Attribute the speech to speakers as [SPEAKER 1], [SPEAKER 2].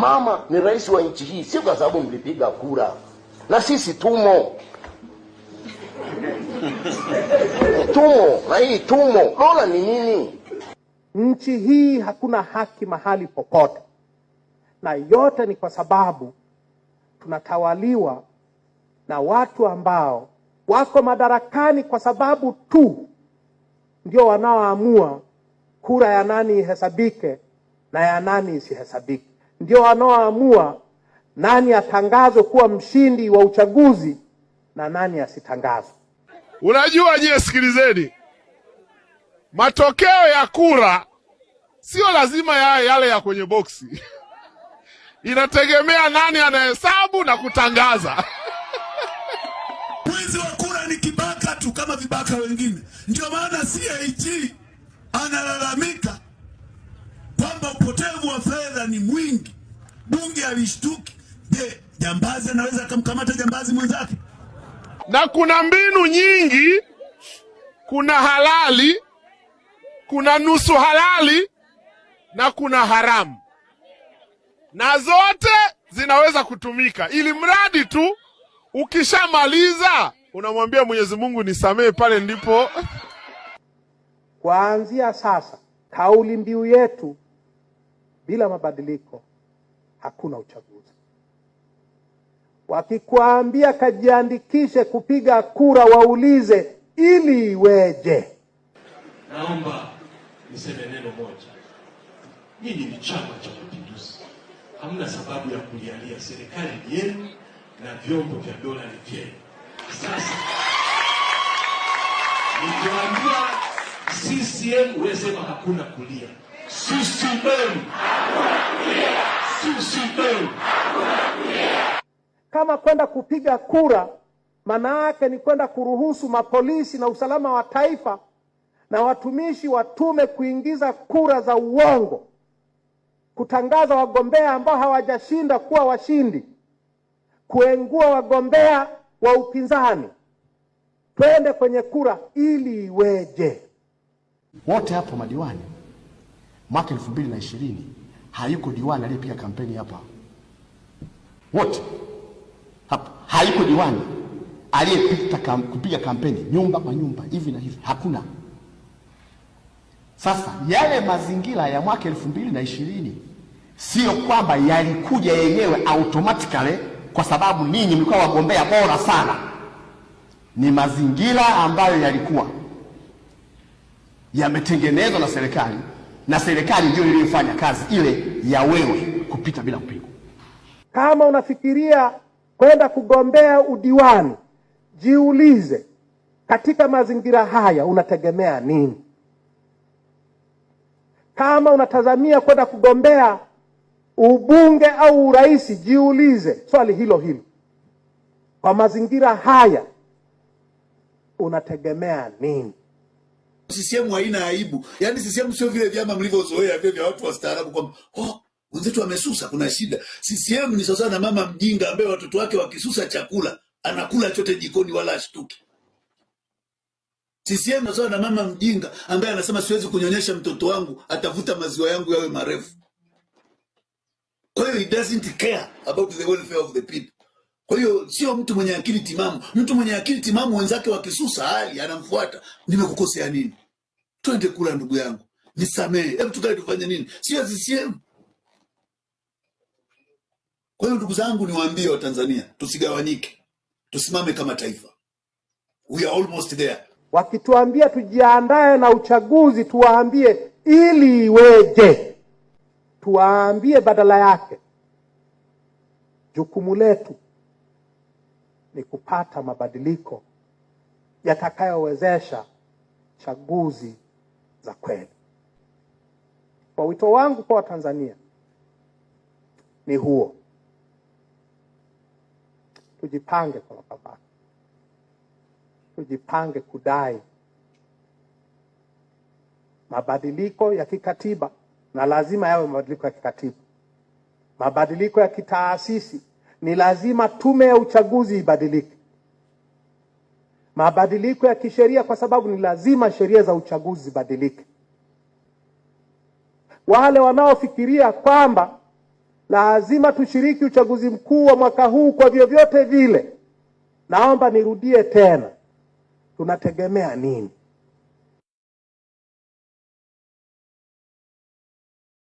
[SPEAKER 1] Mama ni rais wa nchi hii, sio kwa sababu mlipiga kura, na sisi tumo tumo na hii tumo. Dola ni nini?
[SPEAKER 2] Nchi hii hakuna haki mahali popote, na yote ni kwa sababu tunatawaliwa na watu ambao wako madarakani kwa sababu tu ndio wanaoamua kura ya nani ihesabike na ya nani isihesabike ndio wanaoamua nani atangazwe kuwa mshindi wa uchaguzi na nani asitangazwe.
[SPEAKER 3] Unajua nyie sikilizeni, matokeo ya kura sio lazima ya yale ya kwenye boksi inategemea nani anahesabu na kutangaza.
[SPEAKER 4] wizi wa kura ni kibaka tu kama vibaka wengine, ndio maana CAG analalamika kwamba upotevu wa fedha ni mwingi, bunge alishtuki. Je, jambazi anaweza akamkamata jambazi mwenzake?
[SPEAKER 3] Na kuna mbinu nyingi, kuna halali, kuna nusu halali na kuna haramu, na zote zinaweza kutumika, ili mradi tu ukishamaliza unamwambia Mwenyezi Mungu nisamehe, pale ndipo.
[SPEAKER 2] Kuanzia sasa kauli mbiu yetu bila mabadiliko hakuna uchaguzi. Wakikuambia kajiandikishe kupiga kura, waulize ili iweje?
[SPEAKER 5] Naomba niseme neno moja, nyinyi ni Chama cha Mapinduzi, hamna sababu ya kulialia. Serikali ni yenu na vyombo vya dola ni vyenu. Sasa nikiwaambia CCM, wesema hakuna kulia.
[SPEAKER 2] Kama kwenda kupiga kura maana yake ni kwenda kuruhusu mapolisi na usalama wa taifa na watumishi wa tume kuingiza kura za uongo, kutangaza wagombea ambao hawajashinda kuwa washindi, kuengua wagombea wa upinzani. Twende kwenye kura ili iweje?
[SPEAKER 6] Wote hapo madiwani mwaka elfu mbili na ishirini hayuko diwani aliyepiga kampeni hapa wote hapa, hayuko diwani aliyepita kupiga kampeni nyumba kwa nyumba hivi na hivi, hakuna. Sasa yale mazingira ya mwaka elfu mbili na ishirini sio kwamba yalikuja yenyewe automatically kwa sababu ninyi mlikuwa wagombea bora sana, ni mazingira ambayo yalikuwa yametengenezwa na serikali na serikali ndio iliyofanya kazi ile ya wewe kupita bila kupingwa.
[SPEAKER 2] Kama unafikiria kwenda kugombea udiwani, jiulize katika mazingira haya unategemea nini? Kama unatazamia kwenda kugombea ubunge au urais, jiulize swali hilo hilo, kwa mazingira haya unategemea nini?
[SPEAKER 7] CCM haina aibu. Yaani CCM sio vile vyama mlivyozoea vile vya watu wastaarabu kwamba oh, wenzetu wamesusa kuna shida. CCM ni sawa na mama mjinga ambaye watoto wake wakisusa chakula anakula chote jikoni wala ashtuki. CCM ni sawa na mama mjinga ambaye anasema siwezi kunyonyesha mtoto wangu, atavuta maziwa yangu yawe marefu. Kwa hiyo it doesn't care about the welfare of the people. Kwa hiyo sio mtu mwenye akili timamu. Mtu mwenye akili timamu wenzake wakisusa hali anamfuata, nimekukosea nini? Twende kula, ndugu yangu, nisamehe, hebu tukae, tufanye nini? Sio CCM. Kwa hiyo ndugu zangu, niwaambie Watanzania, tusigawanyike, tusimame kama taifa. We are almost there.
[SPEAKER 2] Wakituambia tujiandae na uchaguzi, tuwaambie ili iweje, tuwaambie badala yake jukumu letu ni kupata mabadiliko yatakayowezesha chaguzi za kweli. Kwa wito wangu kwa Watanzania ni huo, tujipange kwa mapambano, tujipange kudai mabadiliko ya kikatiba, na lazima yawe mabadiliko ya kikatiba, mabadiliko ya kitaasisi ni lazima tume ya uchaguzi ibadilike, mabadiliko ya kisheria, kwa sababu ni lazima sheria za uchaguzi zibadilike. Wale wanaofikiria kwamba lazima tushiriki uchaguzi mkuu wa mwaka huu kwa vyovyote vile, naomba nirudie tena, tunategemea nini?